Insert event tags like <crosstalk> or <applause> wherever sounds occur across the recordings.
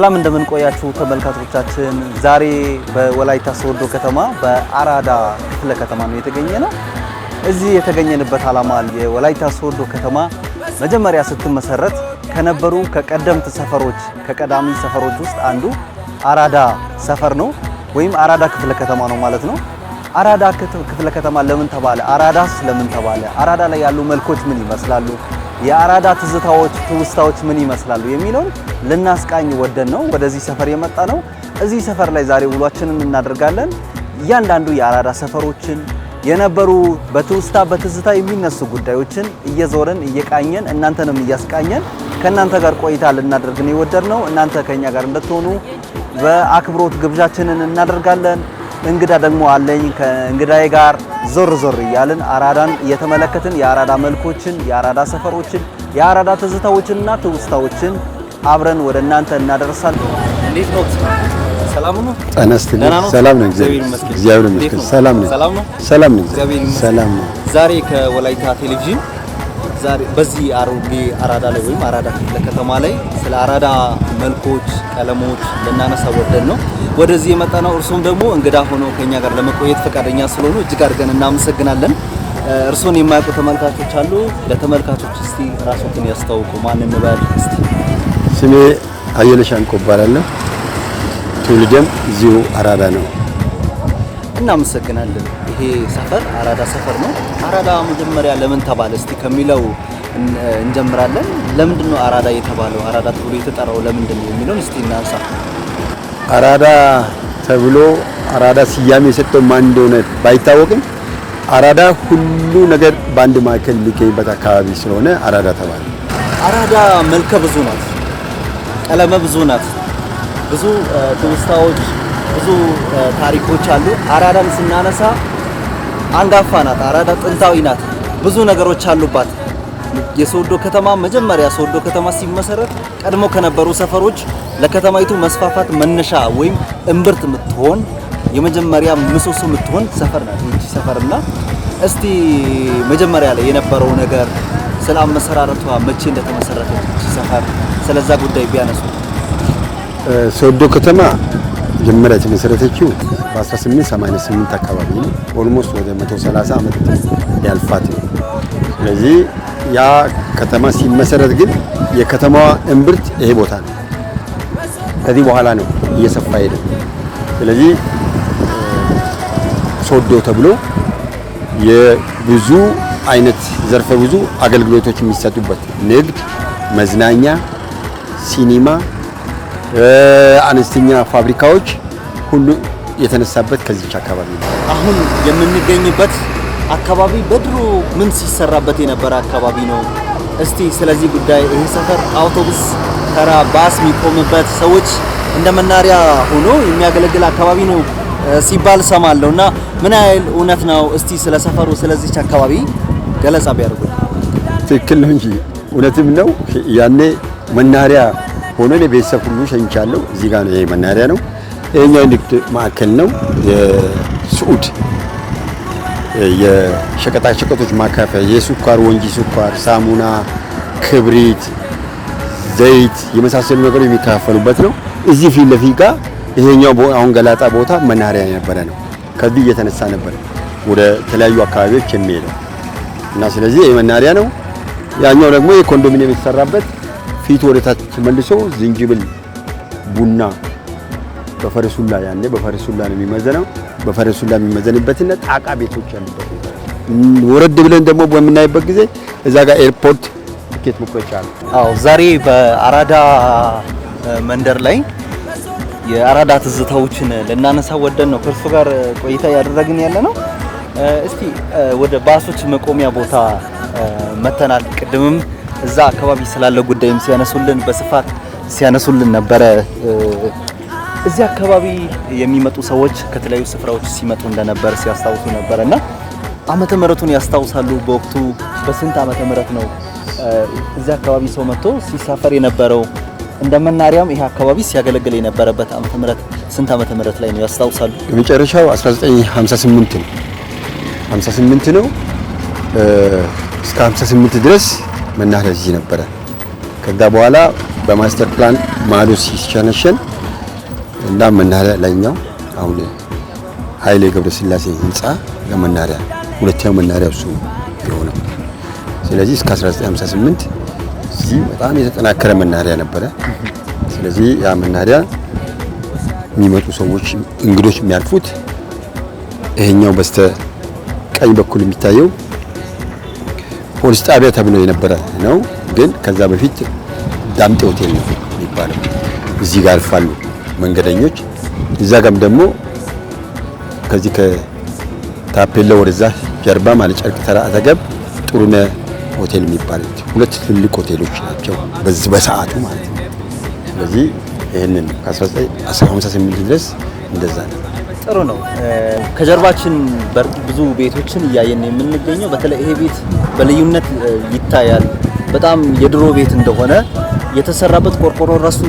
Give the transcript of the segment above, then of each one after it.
ሰላም እንደምን ቆያችሁ ተመልካቾቻችን። ዛሬ በወላይታ ሶዶ ከተማ በአራዳ ክፍለ ከተማ ነው የተገኘ ነው። እዚህ የተገኘንበት ዓላማ የወላይታ ሶዶ ከተማ መጀመሪያ ስትመሰረት ከነበሩ ከቀደምት ሰፈሮች ከቀዳሚ ሰፈሮች ውስጥ አንዱ አራዳ ሰፈር ነው ወይም አራዳ ክፍለ ከተማ ነው ማለት ነው። አራዳ ክፍለ ከተማ ለምን ተባለ? አራዳስ ለምን ተባለ? አራዳ ላይ ያሉ መልኮች ምን ይመስላሉ? የአራዳ ትዝታዎች፣ ትውስታዎች ምን ይመስላሉ የሚለውን ልናስቃኝ ወደን ነው ወደዚህ ሰፈር የመጣ ነው። እዚህ ሰፈር ላይ ዛሬ ውሏችንን እናደርጋለን። እያንዳንዱ የአራዳ ሰፈሮችን የነበሩ በትውስታ በትዝታ የሚነሱ ጉዳዮችን እየዞረን እየቃኘን እናንተንም እያስቃኘን ከእናንተ ጋር ቆይታ ልናደርግ ነው እናንተ ከኛ ጋር እንድትሆኑ በአክብሮት ግብዣችንን እናደርጋለን። እንግዳ ደግሞ አለኝ። ከእንግዳዬ ጋር ዞር ዞር እያልን አራዳን እየተመለከትን የአራዳ መልኮችን፣ የአራዳ ሰፈሮችን፣ የአራዳ ትዝታዎችንና ትውስታዎችን አብረን ወደ እናንተ እናደርሳለን። እንዴት ነው? ሰላም ነው። ሰላም ነው። እግዚአብሔር ይመስገን። ሰላም ነው። ሰላም ነው። ሰላም ነው። ዛሬ ከወላይታ ቴሌቪዥን ዛሬ በዚህ አሮጌ አራዳ ላይ ወይም አራዳ ክፍለ ከተማ ላይ ስለ አራዳ መልኮች፣ ቀለሞች ልናነሳ ወደን ነው ወደዚህ የመጣ ነው። እርሶም ደግሞ እንግዳ ሆኖ ከኛ ጋር ለመቆየት ፈቃደኛ ስለሆኑ እጅግ አድርገን እናመሰግናለን። እርሶን የማያውቁ ተመልካቾች አሉ። ለተመልካቾች እስቲ ራሶትን ያስታውቁ። ማን እንበል እስቲ? ስሜ አየለ ሻንቆ እባላለሁ። ትውልዴም እዚሁ አራዳ ነው። እናመሰግናለን። ይሄ ሰፈር አራዳ ሰፈር ነው። አራዳ መጀመሪያ ለምን ተባለ እስቲ ከሚለው እንጀምራለን። ለምንድን ነው አራዳ የተባለው? አራዳ ተብሎ የተጠራው ለምንድን ነው የሚለውን እስቲ እናንሳ። አራዳ ተብሎ አራዳ ስያሜ የሰጠው ማን እንደሆነ ባይታወቅም አራዳ ሁሉ ነገር በአንድ ማዕከል የሚገኝበት አካባቢ ስለሆነ አራዳ ተባለ። አራዳ መልከ ብዙ ናት፣ ቀለመ ብዙ ናት። ብዙ ትውስታዎች፣ ብዙ ታሪኮች አሉ። አራዳን ስናነሳ አንጋፋ ናት። አራዳ ጥንታዊ ናት። ብዙ ነገሮች አሉባት። የሶዶ ከተማ መጀመሪያ ሶዶ ከተማ ሲመሰረት ቀድሞ ከነበሩ ሰፈሮች ለከተማይቱ መስፋፋት መነሻ ወይም እምብርት የምትሆን የመጀመሪያ ምሰሶ የምትሆን ሰፈር ናት። ይቺ ሰፈርና እስቲ መጀመሪያ ላይ የነበረው ነገር ስለ አመሰራረቷ፣ መቼ እንደተመሰረተ ሰፈር ስለዛ ጉዳይ ቢያነሱ። ሶዶ ከተማ መጀመሪያ የተመሰረተችው በ1888 አካባቢ ኦልሞስት ወደ 130 ዓመት ያልፋት ነው። ስለዚህ ያ ከተማ ሲመሰረት ግን የከተማዋ እምብርት ይሄ ቦታ ነው። ከዚህ በኋላ ነው እየሰፋ ሄደ። ስለዚህ ሶዶ ተብሎ የብዙ አይነት ዘርፈ ብዙ አገልግሎቶች የሚሰጡበት ንግድ፣ መዝናኛ፣ ሲኒማ፣ አነስተኛ ፋብሪካዎች ሁሉ የተነሳበት ከዚች አካባቢ ነው። አሁን የምንገኝበት አካባቢ በድሮ ምን ሲሰራበት የነበረ አካባቢ ነው። እስቲ ስለዚህ ጉዳይ ይህ ሰፈር አውቶቡስ ተራ፣ ባስ የሚቆምበት ሰዎች እንደ መናሪያ ሆኖ የሚያገለግል አካባቢ ነው ሲባል ሰማለሁ እና ምን ያህል እውነት ነው? እስቲ ስለ ሰፈሩ ስለዚች አካባቢ ገለጻ ቢያደርጉ። ትክክል ነው እንጂ እውነትም ነው። ያኔ መናሪያ ሆኖ ቤተሰብ ሁሉ ሸኝቻለሁ። እዚህ ጋር ነው ይሄ መናሪያ ነው። ይህኛው ንግድ ማዕከል ነው። የስዑድ ሸቀጦች ማካፈያ የስኳር ወንጂ ስኳር፣ ሳሙና፣ ክብሪት፣ ዘይት የመሳሰሉ ነገሮች የሚካፈሉበት ነው። እዚህ ፊት ለፊት ጋር ይሄኛው አሁን ገላጣ ቦታ መናሪያ የነበረ ነው። ከዚህ እየተነሳ ነበር ወደ ተለያዩ አካባቢዎች የሚሄደው እና ስለዚህ ይህ መናሪያ ነው። ያኛው ደግሞ የኮንዶሚኒየም የተሰራበት ፊት ወደ ታች መልሶ ዝንጅብል ቡና በፈረሱላ ያለ በፈረሱላ ነው የሚመዘነው። በፈረሱላ የሚመዘንበትና ጣቃ ቤቶች ያሉበት ወረድ ብለን ደግሞ በምናይበት ጊዜ እዛ ጋር ኤርፖርት ትኬት መቁረጫ ነው። አዎ ዛሬ በአራዳ መንደር ላይ የአራዳ ትዝታዎችን ልናነሳ ወደን ነው ከእርሱ ጋር ቆይታ ያደረግን ያለ ነው። እስቲ ወደ ባሶች መቆሚያ ቦታ መተናል። ቅድምም እዛ አካባቢ ስላለ ጉዳይም ሲያነሱልን በስፋት ሲያነሱልን ነበረ። እዚህ አካባቢ የሚመጡ ሰዎች ከተለያዩ ስፍራዎች ሲመጡ እንደነበር ሲያስታውሱ ነበር እና ዓመተ ምሕረቱን ያስታውሳሉ። በወቅቱ በስንት ዓመተ ምሕረት ነው እዚህ አካባቢ ሰው መጥቶ ሲሳፈር የነበረው? እንደ መናሪያም ይሄ አካባቢ ሲያገለግል የነበረበት ዓመተ ምሕረት ስንት ዓመተ ምሕረት ላይ ነው ያስታውሳሉ? የመጨረሻው 1958 ነው 58 ነው። እስከ 58 ድረስ መናኸሪያ እዚህ ነበረ። ከዛ በኋላ በማስተር ፕላን ማዶ ሲሸነሸን እና መናኸሪያ ላይኛው አሁን ኃይሌ ገብረስላሴ ህንፃ ለመናኸሪያ ሁለተኛው መናኸሪያ እሱ የሆነ ስለዚህ እስከ 1958 እዚህ በጣም የተጠናከረ መናኸሪያ ነበረ። ስለዚህ ያ መናኸሪያ የሚመጡ ሰዎች እንግዶች የሚያርፉት ይሄኛው በስተ ቀኝ በኩል የሚታየው ፖሊስ ጣቢያ ተብሎ የነበረ ነው። ግን ከዛ በፊት ዳምጤ ሆቴል ነው የሚባለው። እዚህ ጋር አልፋሉ። መንገደኞች እዛ ጋም ደግሞ ከዚህ ከታፔላ ወደዛ ጀርባ ማለት ጨርቅ ተራ አጠገብ ጥሩነ ሆቴል የሚባሉት ሁለት ትልልቅ ሆቴሎች ናቸው፣ በዚህ በሰዓቱ ማለት ነው። ስለዚህ ይህንን ከ1958 ድረስ እንደዛ ነው። ጥሩ ነው። ከጀርባችን ብዙ ቤቶችን እያየን የምንገኘው በተለይ ይሄ ቤት በልዩነት ይታያል። በጣም የድሮ ቤት እንደሆነ የተሰራበት ቆርቆሮ ራሱ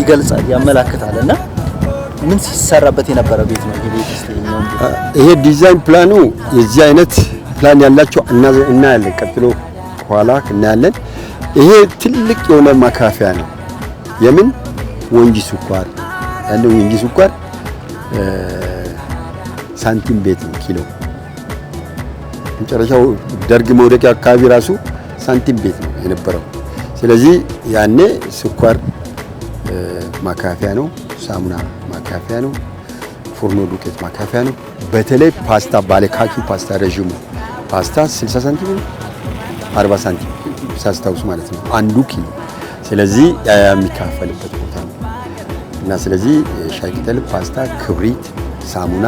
ይገልጻል፣ ያመላክታል። እና ምን ሲሰራበት የነበረ ቤት ነው ይሄ ቤት? ይሄ ዲዛይን ፕላኑ የዚህ አይነት ፕላን ያላቸው እናያለን፣ ቀጥሎ ኋላ እናያለን። ይሄ ትልቅ የሆነ ማካፊያ ነው። የምን ወንጂ ስኳር ያለው ወንጂ ስኳር ሳንቲም ቤት ነው ኪሎ መጨረሻው ደርግ መውደቂያ አካባቢ ራሱ ሳንቲም ቤት ነው የነበረው። ስለዚህ ያኔ ስኳር ማካፊያ ነው፣ ሳሙና ማካፊያ ነው፣ ፉርኖ ዱቄት ማካፊያ ነው። በተለይ ፓስታ ባለካኪ ፓስታ ረዥሙ ፓስታ 60 ሳንቲም 40 ሳንቲም ሳስታውስ ማለት ነው አንዱ ኪሎ። ስለዚህ የሚካፈልበት ቦታ ነው እና ስለዚህ ሻይ ቅጠል፣ ፓስታ፣ ክብሪት፣ ሳሙና፣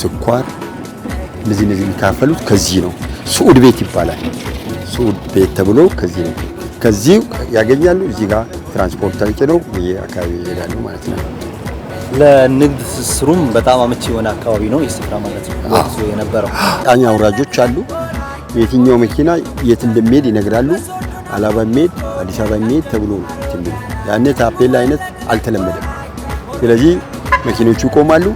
ስኳር እነዚህ እነዚህ የሚካፈሉት ከዚህ ነው። ስዑድ ቤት ይባላል። ጽዱ ቤት ተብሎ ከዚህ ነው ከዚህ ያገኛሉ። እዚህ ጋር ትራንስፖርት ነው አካባቢ ይሄዳሉ ማለት ነው። ለንግድ ትስስሩም በጣም አመቺ የሆነ አካባቢ ነው የስፍራ ማለት ነው የነበረው። ቃኝ አውራጆች አሉ። የትኛው መኪና የት እንደሚሄድ ይነግራሉ። አላባ የሚሄድ አዲስ አበባ የሚሄድ ተብሎ ነው ያኔ ታፔላ አይነት አልተለመደም። ስለዚህ መኪኖቹ ይቆማሉ።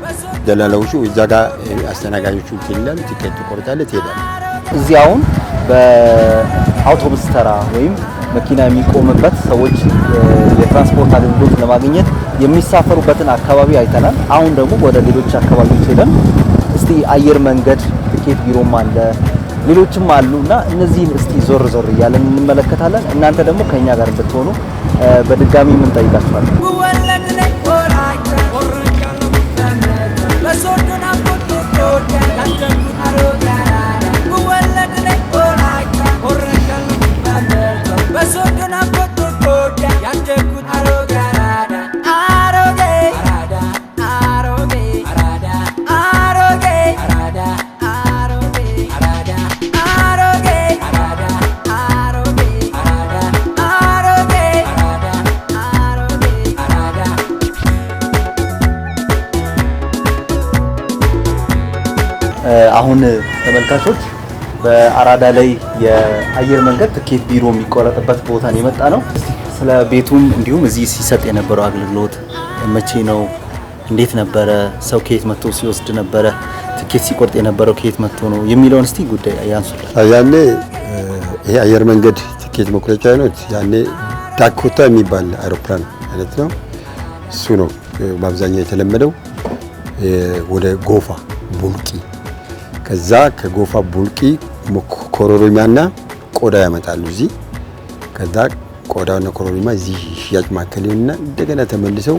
ደላላዎቹ እዛ ጋር አስተናጋጆቹ ትላሉ። ቲኬት ትቆርጣለህ፣ ትሄዳለህ። እዚያውን በአውቶቡስ ተራ ወይም መኪና የሚቆምበት ሰዎች የትራንስፖርት አገልግሎት ለማግኘት የሚሳፈሩበትን አካባቢ አይተናል። አሁን ደግሞ ወደ ሌሎች አካባቢዎች ሄደን እስቲ አየር መንገድ ትኬት ቢሮም አለ ሌሎችም አሉ እና እነዚህን እስቲ ዞር ዞር እያለን እንመለከታለን። እናንተ ደግሞ ከእኛ ጋር እንድትሆኑ በድጋሚ እንጠይቃችኋለን። አሁን ተመልካቾች በአራዳ ላይ የአየር መንገድ ትኬት ቢሮ የሚቆረጥበት ቦታን የመጣ ነው። ስለ ቤቱም እንዲሁም እዚህ ሲሰጥ የነበረው አገልግሎት መቼ ነው፣ እንዴት ነበረ፣ ሰው ከየት መጥቶ ሲወስድ ነበረ፣ ትኬት ሲቆርጥ የነበረው ከየት መጥቶ ነው የሚለውን እስቲ ጉዳይ ያንሱላል። ያኔ ይሄ አየር መንገድ ትኬት መቁረጫ አይነት ያኔ ዳኮታ የሚባል አይሮፕላን አይነት ነው። እሱ ነው በአብዛኛው የተለመደው ወደ ጎፋ ቡልቂ ከዛ ከጎፋ ቡልቂ ኮሮሪማና ቆዳ ያመጣሉ እዚህ። ከዛ ቆዳና ኮሮሪማ እዚህ ሽያጭ ማዕከል ይሆንና እንደገና ተመልሰው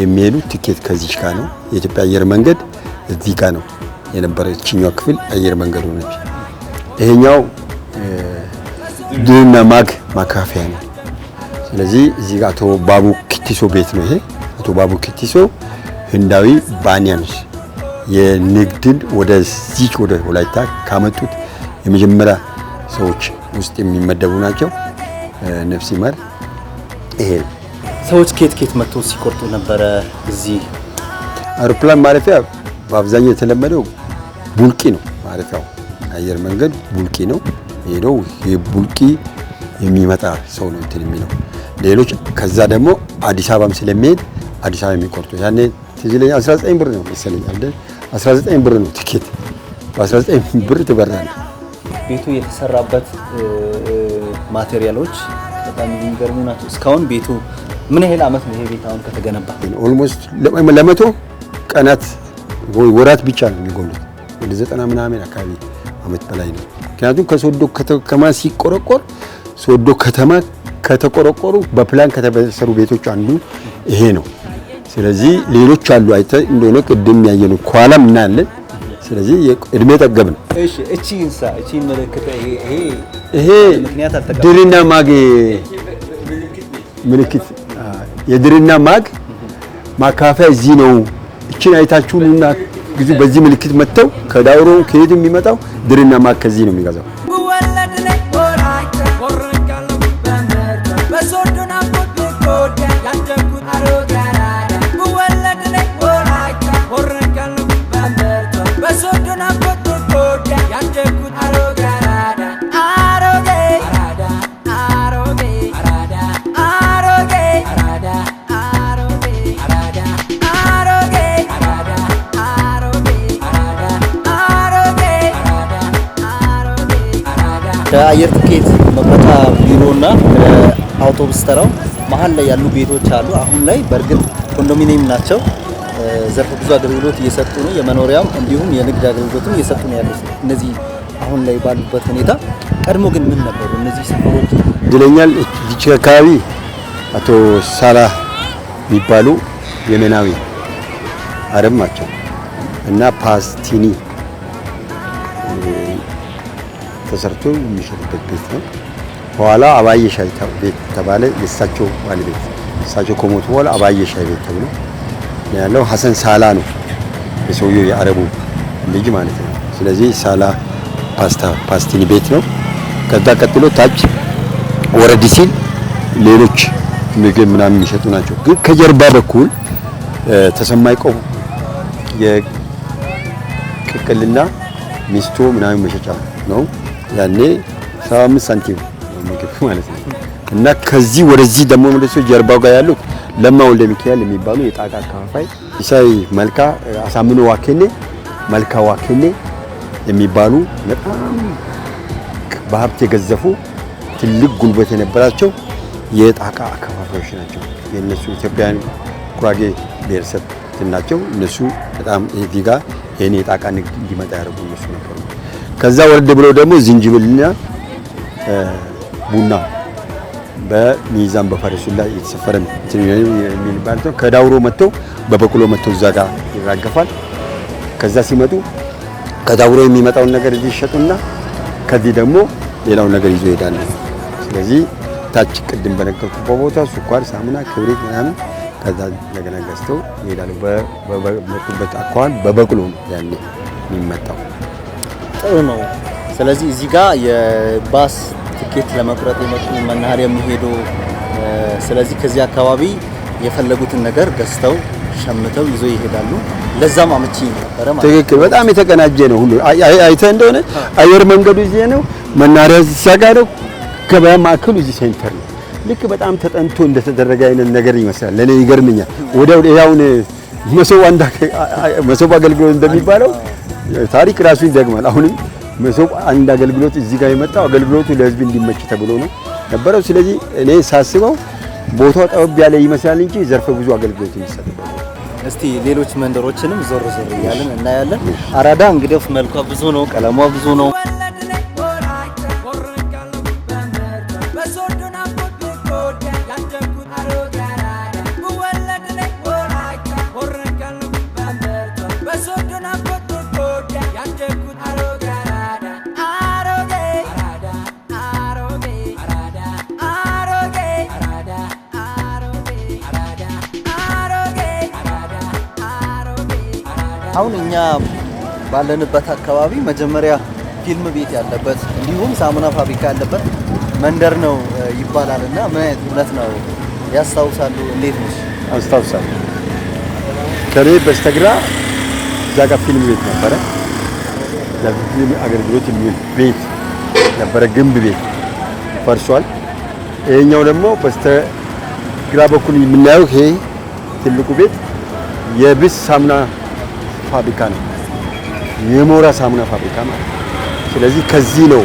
የሚሄዱ ትኬት ከዚህ ጋር ነው። የኢትዮጵያ አየር መንገድ እዚህ ጋር ነው የነበረችኛው ክፍል አየር መንገዱ ነች። ይሄኛው ድህና ማግ ማካፊያ ነው። ስለዚህ እዚህ ጋር አቶ ባቡ ኪቲሶ ቤት ነው። ይሄ አቶ ባቡ ኪቲሶ ህንዳዊ ባንያንስ የንግድን ወደዚህ ወደ ወላይታ ካመጡት የመጀመሪያ ሰዎች ውስጥ የሚመደቡ ናቸው። ነፍስ ይማር። ይሄ ሰዎች ኬት ኬት መጥቶ ሲቆርጡ ነበረ። እዚህ አውሮፕላን ማረፊያ በአብዛኛው የተለመደው ቡልቂ ነው ማረፊያው። አየር መንገድ ቡልቂ ነው ሄደው ቡልቂ የሚመጣ ሰው ነው እንትን የሚለው ሌሎች ከዛ ደግሞ አዲስ አበባም ስለሚሄድ አዲስ አበባ የሚቆርጡ ያኔ ትዝ ይለኛል 19 ብር ነው መሰለኝ አይደል 19 ብር ነው ቲኬት። በ19 ብር ትበራለህ። ቤቱ የተሰራበት ማቴሪያሎች በጣም የሚገርሙ ናቸው። እስካሁን ቤቱ ምን ያህል አመት ነው ይሄ ቤት አሁን ከተገነባ? ኦልሞስት ለመቶ ቀናት ወራት ብቻ ነው የሚጎሉት። ወደ ዘጠና ምናምን አካባቢ ዓመት በላይ ነው። ምክንያቱም ከሶዶ ከተማ ሲቆረቆር ሶዶ ከተማ ከተቆረቆሩ በፕላን ከተበሰሩ ቤቶች አንዱ ይሄ ነው። ስለዚህ ሌሎች አሉ አይተ እንደሆነ ቅድም ያየነው ከኋላም እናያለን። ስለዚህ እድሜ ጠገብ ነው። እሺ እቺ እንስሳ እቺ ምልክት ይሄ ይሄ ድሪና ማግ ምልክት የድሪና ማግ ማካፈያ እዚህ ነው። እቺን አይታችሁ ኑና ግዙ። በዚህ ምልክት መጥተው ከዳውሮ ከየት የሚመጣው ድሪና ማግ ከዚህ ነው የሚገዛው። የአየር ትኬት መቁረጫ ቢሮና አውቶቡስ ተራው መሀል ላይ ያሉ ቤቶች አሉ። አሁን ላይ በእርግጥ ኮንዶሚኒየም ናቸው። ዘርፈ ብዙ አገልግሎት እየሰጡ ነው። የመኖሪያም እንዲሁም የንግድ አገልግሎትም እየሰጡ ነው ያሉት እነዚህ አሁን ላይ ባሉበት ሁኔታ። ቀድሞ ግን ምን ነበሩ እነዚህ ሰፈሮች? ድለኛል ይቺ አካባቢ አቶ ሳላ የሚባሉ የመናዊ አረብ ናቸው እና ፓስቲኒ ተሰርቶ የሚሸጥበት ቤት ነው። በኋላ አባዬ ሻይ ቤት ተባለ። የእሳቸው ባለቤት እሳቸው ከሞቱ በኋላ አባዬ ሻይ ቤት ተብሎ ያለው ሀሰን ሳላ ነው የሰውየው የአረቡ ልጅ ማለት ነው። ስለዚህ ሳላ ፓስታ ፓስቲኒ ቤት ነው። ከዛ ቀጥሎ ታች ወረድ ሲል ሌሎች ምግብ ምናምን የሚሸጡ ናቸው። ግን ከጀርባ በኩል ተሰማይ ቆሙ የቅቅልና ሚስቶ ምናምን መሸጫ ነው። ያኔ 75 ሳንቲም ምግብ ማለት ነው። እና ከዚህ ወደዚህ ደግሞ ወደሱ ጀርባው ጋር ያሉት ለማ ወልደ ሚካኤል የሚባሉ የጣቃ አካፋይ ኢሳይ መልካ፣ አሳምኖ ዋኬኔ፣ መልካ ዋኬኔ የሚባሉ በጣም በሀብት የገዘፉ ትልቅ ጉልበት የነበራቸው የጣቃ አካፋፋዮች ናቸው። የነሱ ኢትዮጵያን ጉራጌ ብሔረሰብ ናቸው። እነሱ በጣም እዚህ ጋር ይህን የጣቃ ንግድ እንዲመጣ ያደርጉ እነሱ ነበሩ። ከዛ ወርድ ብሎ ደግሞ ዝንጅብልና ቡና በሚዛን ላይ የተሰፈረ የሚባል ነው። ከዳውሮ መጥቶ በበቅሎ መጥቶ እዛ ጋር ይራገፋል። ከዛ ሲመጡ ከዳውሮ የሚመጣውን ነገር እዚህ ይሸጡና ከዚህ ደግሞ ሌላውን ነገር ይዞ ይሄዳል። ስለዚህ ታች ቅድም በነገርኩ በቦታ ስኳር፣ ሳሙና፣ ክብሪት ምናምን ከዛ እንደገና ገዝተው ይሄዳሉ። በመጡበት አካባቢ በበቅሎ ነው ያኔ የሚመጣው። ጥሩ ነው። ስለዚህ እዚህ ጋር የባስ ትኬት ለመቁረጥ የመጡ መናኸሪያ የሚሄዱ ስለዚህ ከዚህ አካባቢ የፈለጉትን ነገር ገዝተው ሸምተው ይዞ ይሄዳሉ። ለዛም አመቺ ነበረ ማለት ትክክል። በጣም የተቀናጀ ነው ሁሉ አይተ እንደሆነ አየር መንገዱ እዚህ ነው፣ መናኸሪያ እዚያ ጋር ነው፣ ገበያ ማዕከሉ እዚህ ሴንተር ነው። ልክ በጣም ተጠንቶ እንደተደረገ አይነት ነገር ይመስላል። ለእኔ ይገርምኛል። ወዲያው ያውን መሶብ አገልግሎት እንደሚባለው ታሪክ ራሱ ይዘግማል። አሁንም መሶብ አንድ አገልግሎት እዚህ ጋር የመጣው አገልግሎቱ ለህዝብ እንዲመች ተብሎ ነው ነበረው። ስለዚህ እኔ ሳስበው ቦታው ጠበብ ያለ ይመስላል እንጂ ዘርፈ ብዙ አገልግሎት የሚሰጥበት። እስቲ ሌሎች መንደሮችንም ዞር ዞር እያለን እናያለን። አራዳ እንግዲህ መልኳ ብዙ ነው፣ ቀለሟ ብዙ ነው። ባለንበት አካባቢ መጀመሪያ ፊልም ቤት ያለበት እንዲሁም ሳሙና ፋብሪካ ያለበት መንደር ነው ይባላል እና ምን አይነት እውነት ነው? ያስታውሳሉ? እንዴት ነሽ? አስታውሳለሁ። ከኔ በስተግራ እዛ ጋር ፊልም ቤት ነበረ። ለፊልም አገልግሎት የሚውል ቤት ነበረ፣ ግንብ ቤት ፈርሷል። ይሄኛው ደግሞ በስተግራ በኩል የምናየው ይሄ ትልቁ ቤት የብስ ሳሙና ፋብሪካ ነው። የሞራ ሳሙና ፋብሪካ ማለት ነው። ስለዚህ ከዚህ ነው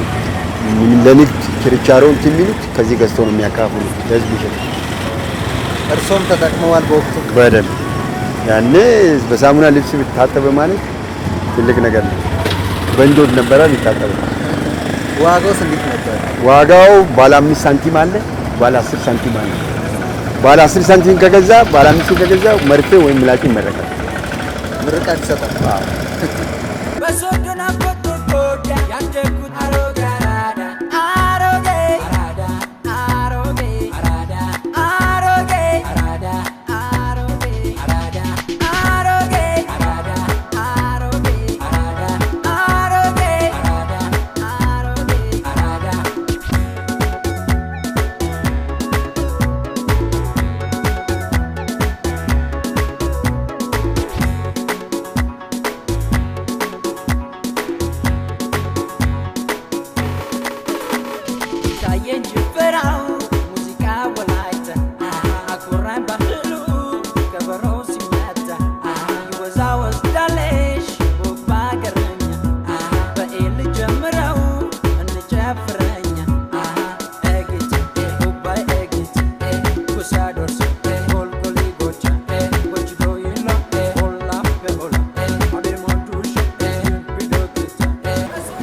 ለንግድ ችርቻሮ እንትን የሚሉት ከዚህ ገዝቶ ነው የሚያካፍሉት ለህዝብ ይሸጥ። እርሶም ተጠቅመዋል በወቅቱ በደንብ ያኔ በሳሙና ልብስ ብታጠበ ማለት ትልቅ ነገር ነው። በእንዶድ ነበረ የሚታጠበ። ዋጋው እንዴት ነበር? ዋጋው ባለ አምስት ሳንቲም አለ፣ ባለ አስር ሳንቲም አለ። ባለ አስር ሳንቲም ከገዛ ባለ አምስት ከገዛ መርፌ ወይም ምላጭ ይመረቃል። ምርቃት ይሰጣል። <laughs>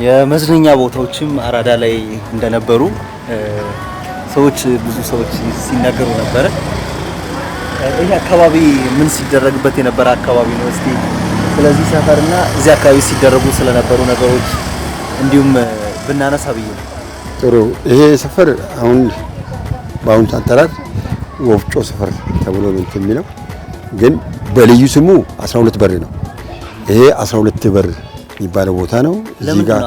የመዝናኛ ቦታዎችም አራዳ ላይ እንደነበሩ ሰዎች ብዙ ሰዎች ሲናገሩ ነበረ። ይህ አካባቢ ምን ሲደረግበት የነበረ አካባቢ ነው? እስቲ ስለዚህ ሰፈርና እዚህ አካባቢ ሲደረጉ ስለነበሩ ነገሮች እንዲሁም ብናነሳ ብዬ ነው። ጥሩ። ይሄ ሰፈር አሁን በአሁኑ አጠራር ወፍጮ ሰፈር ተብሎ ነው የሚለው፣ ግን በልዩ ስሙ 12 በር ነው። ይሄ 12 በር የሚባለው ቦታ ነው። እዚህ ጋር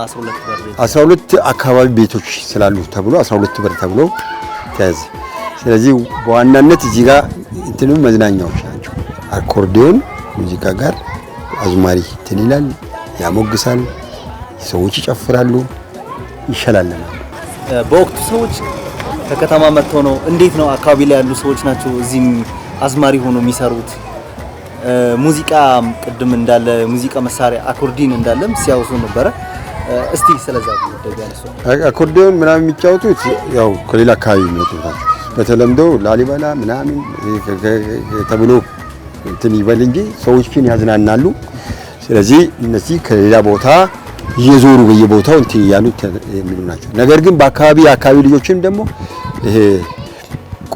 12 አካባቢ ቤቶች ስላሉ ተብሎ 12 በር ተብሎ ተያዘ። ስለዚህ በዋናነት እዚህ ጋር እንትኑ መዝናኛዎች ናቸው። አኮርዲዮን ሙዚቃ ጋር አዝማሪ እንትን ይላል፣ ያሞግሳል፣ ሰዎች ይጨፍራሉ፣ ይሸላለማል። በወቅቱ ሰዎች ከከተማ መጥተው ነው እንዴት ነው አካባቢ ላይ ያሉ ሰዎች ናቸው እዚህም አዝማሪ ሆኖ የሚሰሩት ሙዚቃ ቅድም እንዳለ ሙዚቃ መሳሪያ አኮርዲን እንዳለም ሲያውሱ ነበረ። እስቲ ስለዛ አኮርዲዮን ምናምን የሚጫወቱት ያው ከሌላ አካባቢ የሚመጡ በተለምዶ ላሊበላ ምናምን ተብሎ እንትን ይበል እንጂ ሰዎችን ያዝናናሉ። ስለዚህ እነዚህ ከሌላ ቦታ እየዞሩ በየቦታው እንትን እያሉ የሚሉ ናቸው። ነገር ግን በአካባቢ የአካባቢ ልጆችም ደግሞ ይሄ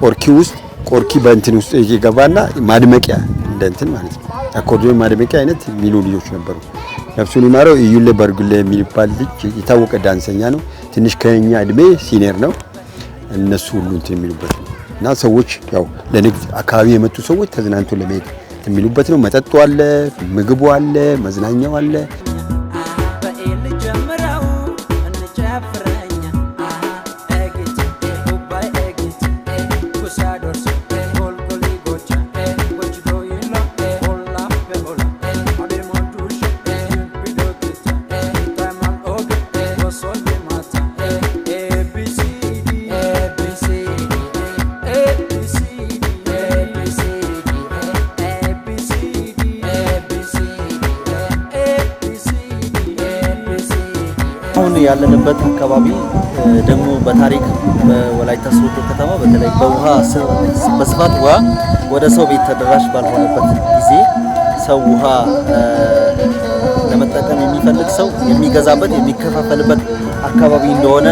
ቆርኪ ውስጥ ቆርኪ በእንትን ውስጥ የገባና ማድመቂያ እንደ እንትን ማለት ነው አኮርዲዮን ማድመቂያ አይነት የሚሉ ልጆች ነበሩ። ነፍሱን ይማረው እዩለ በርጉለ የሚባል ልጅ የታወቀ ዳንሰኛ ነው። ትንሽ ከኛ እድሜ ሲኒየር ነው። እነሱ ሁሉ እንትን የሚሉበት ነው እና ሰዎች ያው ለንግድ አካባቢ የመጡ ሰዎች ተዝናንቶ ለመሄድ የሚሉበት ነው። መጠጡ አለ፣ ምግቡ አለ፣ መዝናኛው አለ። ባለንበት አካባቢ ደግሞ በታሪክ በወላይታ ሶዶ ከተማ በተለይ በውሃ በስፋት ውሃ ወደ ሰው ቤት ተደራሽ ባልሆነበት ጊዜ ሰው ውሃ ለመጠቀም የሚፈልግ ሰው የሚገዛበት የሚከፋፈልበት አካባቢ እንደሆነ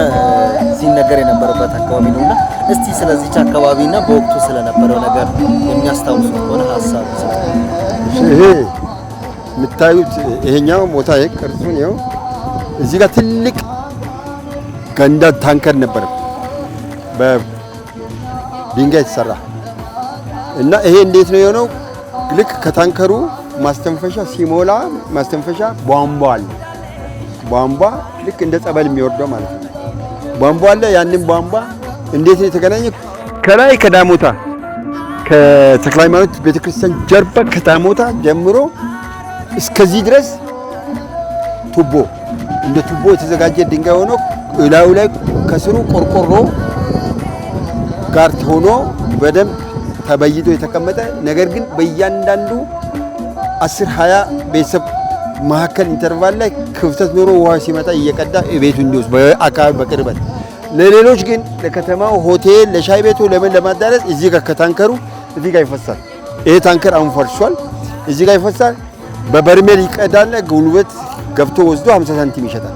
ሲነገር የነበረበት አካባቢ ነው እና እስቲ ስለዚች አካባቢና በወቅቱ ስለነበረው ነገር የሚያስታውሱ ከሆነ ሀሳብ ይሄ የምታዩት ይሄኛው ቦታ ቅርጹን ይኸው እዚህ ጋር ትልቅ ገንዳ ታንከር ነበር በድንጋይ የተሰራ እና ይሄ እንዴት ነው የሆነው? ልክ ከታንከሩ ማስተንፈሻ ሲሞላ ማስተንፈሻ ቧንቧ አለ። ቧንቧ ልክ እንደ ጸበል የሚወርደው ማለት ነው። ቧንቧ አለ። ያንን ቧንቧ እንዴት ነው የተገናኘ? ከላይ ከዳሞታ ከተክለ ሃይማኖት ቤተክርስቲያን ጀርባ ከዳሞታ ጀምሮ እስከዚህ ድረስ ቱቦ እንደ ቱቦ የተዘጋጀ ድንጋይ ሆኖ እላዩ ላይ ከስሩ ቆርቆሮ ጋር ሆኖ በደንብ ተበይቶ የተቀመጠ ነገር ግን በእያንዳንዱ አስር ሀያ ቤተሰብ መካከል ኢንተርቫል ላይ ክፍተት ኖሮ ውሃ ሲመጣ እየቀዳ ቤቱ እንዲወስ በአካባቢ በቅርበት ለሌሎች ግን ለከተማው ሆቴል ለሻይ ቤቱ ለምን ለማዳረስ እዚህ ጋር ከታንከሩ እዚህ ጋር ይፈሳል። ይሄ ታንከር አሁን ፈርሷል። እዚህ ጋር ይፈሳል። በበርሜል ይቀዳል። ጉልበት ገብቶ ወስዶ 50 ሳንቲም ይሸጣል።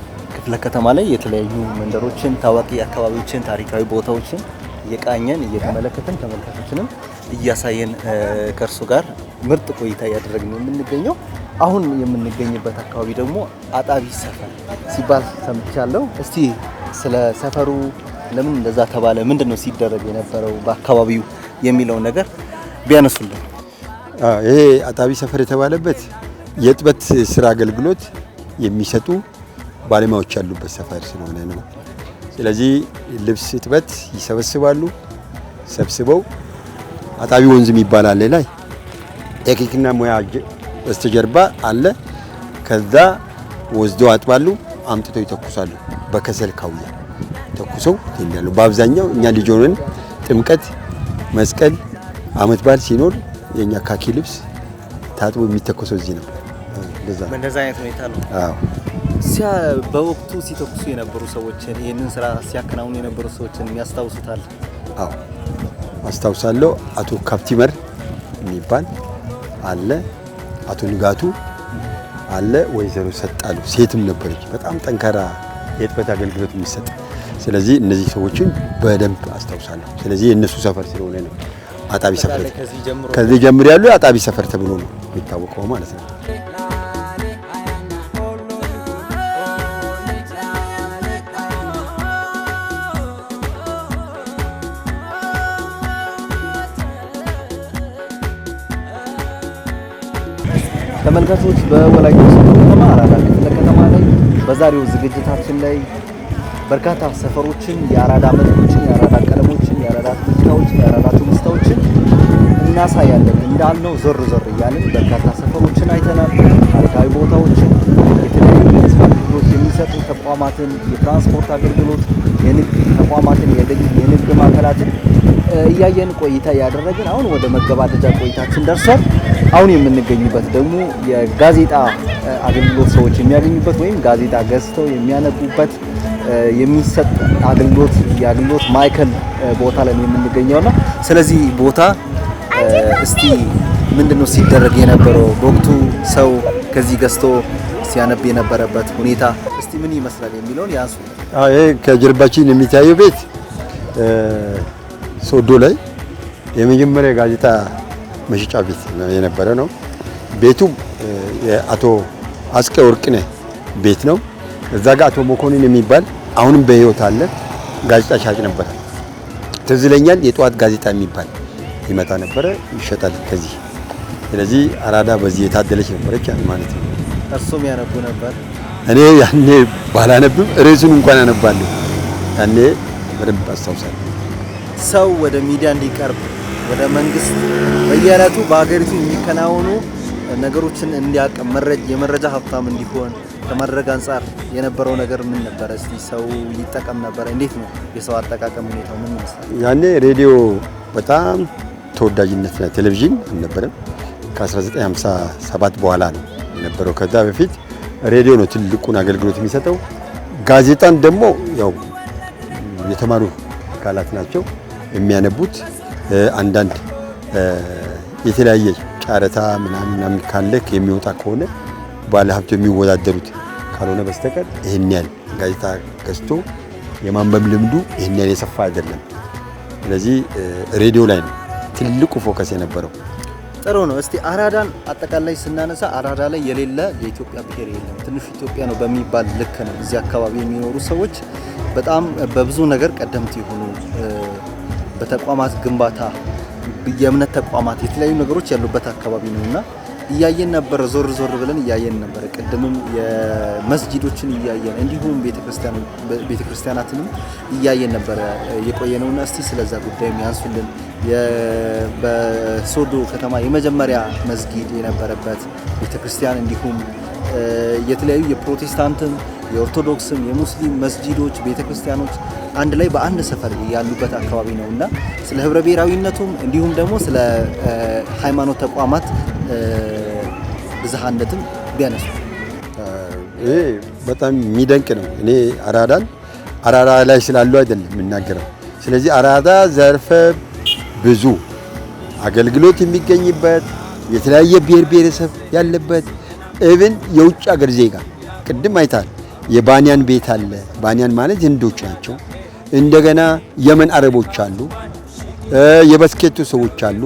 ክፍለ ከተማ ላይ የተለያዩ መንደሮችን፣ ታዋቂ አካባቢዎችን፣ ታሪካዊ ቦታዎችን እየቃኘን እየተመለከትን ተመልካቾችንም እያሳየን ከእርሱ ጋር ምርጥ ቆይታ እያደረግን የምንገኘው አሁን የምንገኝበት አካባቢ ደግሞ አጣቢ ሰፈር ሲባል ሰምቻለሁ። እስቲ ስለ ሰፈሩ ለምን እንደዛ ተባለ፣ ምንድን ነው ሲደረግ የነበረው በአካባቢው የሚለውን ነገር ቢያነሱልን። ይሄ አጣቢ ሰፈር የተባለበት የእጥበት ስራ አገልግሎት የሚሰጡ ባለሙያዎች ያሉበት ሰፈር ስለሆነ ነው። ስለዚህ ልብስ እጥበት ይሰበስባሉ። ሰብስበው አጣቢ ወንዝም ይባላል ላይ ቴክኒክና ሙያ በስተጀርባ አለ። ከዛ ወስደው አጥባሉ፣ አምጥተው ይተኩሳሉ። በከሰል ካውያ ተኩሰው ይሄዳሉ። በአብዛኛው እኛ ልጅ ሆነን ጥምቀት፣ መስቀል፣ አመት በዓል ሲኖር የእኛ ካኪ ልብስ ታጥቦ የሚተኮሰው እዚህ ነው። እንደዛ አይነት ሁኔታ ነው። በወቅቱ ሲተኩሱ የነበሩ ሰዎችን ይህንን ስራ ሲያከናውኑ የነበሩ ሰዎችን ያስታውሱታል? አዎ አስታውሳለሁ። አቶ ካፕቲመር የሚባል አለ፣ አቶ ንጋቱ አለ፣ ወይዘሮ ሰጣሉ ሴትም ነበረች። በጣም ጠንካራ የጥበት አገልግሎት የሚሰጥ ስለዚህ እነዚህ ሰዎችን በደንብ አስታውሳለሁ። ስለዚህ የእነሱ ሰፈር ስለሆነ ነው አጣቢ ሰፈር። ከዚህ ጀምሮ ያሉ አጣቢ ሰፈር ተብሎ ነው የሚታወቀው ማለት ነው። ተመልካቾች በወላጅ ከተማ አራዳ ክፍለ ከተማ ላይ በዛሬው ዝግጅታችን ላይ በርካታ ሰፈሮችን፣ የአራዳ መልኮችን፣ የአራዳ ቀለሞችን፣ የአራዳ ትዝታዎችን፣ የአራዳ ትውስታዎችን እናሳያለን። እንዳልነው ዞር ዞር እያልን በርካታ ሰፈሮችን አይተናል። ታሪካዊ ቦታዎችን፣ የተለያዩ የህዝብ አገልግሎት የሚሰጡ ተቋማትን፣ የትራንስፖርት አገልግሎት፣ የንግድ ተቋማትን፣ የንግድ ማዕከላትን እያየን ቆይታ እያደረግን አሁን ወደ መገባደጃ ቆይታችን ደርሰን አሁን የምንገኝበት ደግሞ የጋዜጣ አገልግሎት ሰዎች የሚያገኙበት ወይም ጋዜጣ ገዝተው የሚያነቡበት የሚሰጥ አገልግሎት የአገልግሎት ማዕከል ቦታ ላይ የምንገኘውና ስለዚህ ቦታ እስቲ ምንድነው ሲደረግ የነበረው በወቅቱ ሰው ከዚህ ገዝቶ ሲያነብ የነበረበት ሁኔታ እስቲ ምን ይመስላል የሚለውን ያንሱ። ይሄ ከጀርባችን የሚታየው ቤት ሶዶ ላይ የመጀመሪያ ጋዜጣ መሸጫ ቤት የነበረ ነው። ቤቱም የአቶ አስቄ ወርቅነ ቤት ነው። እዛ ጋር አቶ መኮንን የሚባል አሁንም በህይወት አለ ጋዜጣ ሻጭ ነበረ። ትዝ ይለኛል የጠዋት ጋዜጣ የሚባል ይመጣ ነበረ፣ ይሸጣል ከዚህ። ስለዚህ አራዳ በዚህ የታደለች ነበረች ማለት ነው። እርሱም ያነቡ ነበር። እኔ ያኔ ባላነብም ርዕሱን እንኳን አነባለሁ። ያኔ በደንብ አስታውሳለሁ። ሰው ወደ ሚዲያ እንዲቀርብ ወደ መንግስት በየዕለቱ በሀገሪቱ የሚከናወኑ ነገሮችን እንዲያውቅ የመረጃ ሀብታም እንዲሆን ከማድረግ አንጻር የነበረው ነገር ምን ነበረ? እስቲ ሰው ይጠቀም ነበረ? እንዴት ነው የሰው አጠቃቀም ሁኔታው ምን ይመስላል? ያኔ ሬዲዮ በጣም ተወዳጅነት ቴሌቪዥን አልነበረም። ከ1957 በኋላ ነው የነበረው። ከዛ በፊት ሬዲዮ ነው ትልቁን አገልግሎት የሚሰጠው። ጋዜጣን ደግሞ ያው የተማሩ አካላት ናቸው የሚያነቡት አንዳንድ የተለያየ ጨረታ ምናምን ምናምን ካለ የሚወጣ ከሆነ ባለሀብቱ የሚወዳደሩት ካልሆነ በስተቀር ይህን ያህል ጋዜጣ ገዝቶ የማንበብ ልምዱ ይህን ያህል የሰፋ አይደለም። ስለዚህ ሬዲዮ ላይ ነው ትልቁ ፎከስ የነበረው። ጥሩ ነው። እስቲ አራዳን አጠቃላይ ስናነሳ አራዳ ላይ የሌለ የኢትዮጵያ ብሔር የለም። ትንሹ ኢትዮጵያ ነው በሚባል ልክ ነው። እዚህ አካባቢ የሚኖሩ ሰዎች በጣም በብዙ ነገር ቀደምት የሆኑ በተቋማት ግንባታ የእምነት ተቋማት የተለያዩ ነገሮች ያሉበት አካባቢ ነው እና እያየን ነበረ ዞር ዞር ብለን እያየን ነበር። ቅድምም የመስጂዶችን እያየን እንዲሁም ቤተክርስቲያናትንም እያየን ነበረ የቆየ ነውና እስቲ ስለዛ ጉዳይ ያንሱልን። በሶዶ ከተማ የመጀመሪያ መስጊድ የነበረበት ቤተክርስቲያን እንዲሁም የተለያዩ የፕሮቴስታንትም የኦርቶዶክስም የሙስሊም መስጂዶች፣ ቤተ ክርስቲያኖች አንድ ላይ በአንድ ሰፈር ያሉበት አካባቢ ነው እና ስለ ህብረ ብሔራዊነቱም እንዲሁም ደግሞ ስለ ሃይማኖት ተቋማት ብዝሃነትም ቢያነሱ ይሄ በጣም የሚደንቅ ነው። እኔ አራዳን አራዳ ላይ ስላሉ አይደለም የምናገረው። ስለዚህ አራዳ ዘርፈ ብዙ አገልግሎት የሚገኝበት የተለያየ ብሔር ብሔረሰብ ያለበት ኢቭን የውጭ ሀገር ዜጋ ቅድም አይታል። የባንያን ቤት አለ። ባንያን ማለት ህንዶች ናቸው። እንደገና የመን አረቦች አሉ፣ የበስኬቱ ሰዎች አሉ፣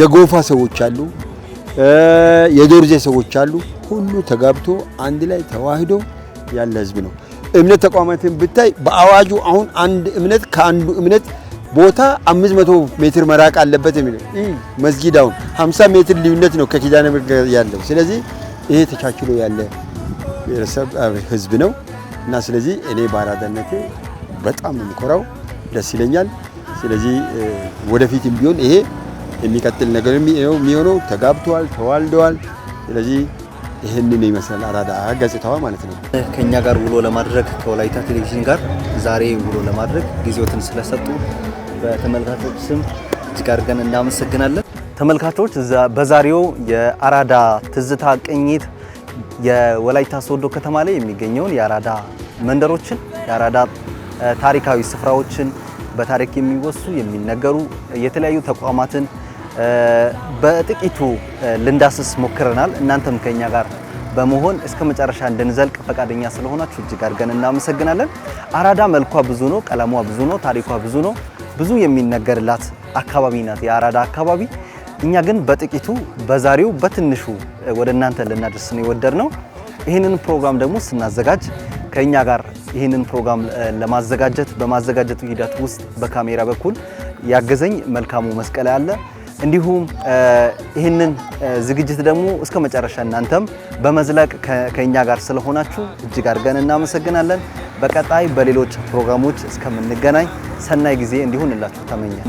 የጎፋ ሰዎች አሉ፣ የዶርዜ ሰዎች አሉ። ሁሉ ተጋብቶ አንድ ላይ ተዋህዶ ያለ ህዝብ ነው። እምነት ተቋማትን ብታይ በአዋጁ አሁን አንድ እምነት ከአንዱ እምነት ቦታ 500 ሜትር መራቅ አለበት የሚለው መስጊድ አሁን 50 ሜትር ልዩነት ነው ከኪዳነ ምሕረት ያለው ስለዚህ ይሄ ተቻችሎ ያለ ብሔረሰብ ህዝብ ነው እና ስለዚህ እኔ በአራዳነቴ በጣም የምኮራው ደስ ይለኛል። ስለዚህ ወደፊትም ቢሆን ይሄ የሚቀጥል ነገር የሚሆነው ተጋብተዋል፣ ተዋልደዋል። ስለዚህ ይህንን ይመስላል አራዳ ገጽታዋ ማለት ነው። ከእኛ ጋር ውሎ ለማድረግ ከወላይታ ቴሌቪዥን ጋር ዛሬ ውሎ ለማድረግ ጊዜዎትን ስለሰጡ በተመልካቾች ስም እጅግ አድርገን እናመሰግናለን። ተመልካቾች በዛሬው የአራዳ ትዝታ ቅኝት የወላይታ ሶዶ ከተማ ላይ የሚገኘውን የአራዳ መንደሮችን የአራዳ ታሪካዊ ስፍራዎችን በታሪክ የሚወሱ የሚነገሩ የተለያዩ ተቋማትን በጥቂቱ ልንዳስስ ሞክረናል። እናንተም ከኛ ጋር በመሆን እስከ መጨረሻ እንድንዘልቅ ፈቃደኛ ስለሆናችሁ እጅግ አድርገን እናመሰግናለን። አራዳ መልኳ ብዙ ነው፣ ቀለሟ ብዙ ነው፣ ታሪኳ ብዙ ነው። ብዙ የሚነገርላት አካባቢ ናት የአራዳ አካባቢ። እኛ ግን በጥቂቱ በዛሬው በትንሹ ወደ እናንተ ልናደርስ ነው ነው። ይህንን ፕሮግራም ደግሞ ስናዘጋጅ ከእኛ ጋር ይህንን ፕሮግራም ለማዘጋጀት በማዘጋጀቱ ሂደት ውስጥ በካሜራ በኩል ያገዘኝ መልካሙ መስቀል አለ። እንዲሁም ይህንን ዝግጅት ደግሞ እስከ መጨረሻ እናንተም በመዝለቅ ከእኛ ጋር ስለሆናችሁ እጅግ አድርገን እናመሰግናለን። በቀጣይ በሌሎች ፕሮግራሞች እስከምንገናኝ ሰናይ ጊዜ እንዲሆንላችሁ ተመኛል።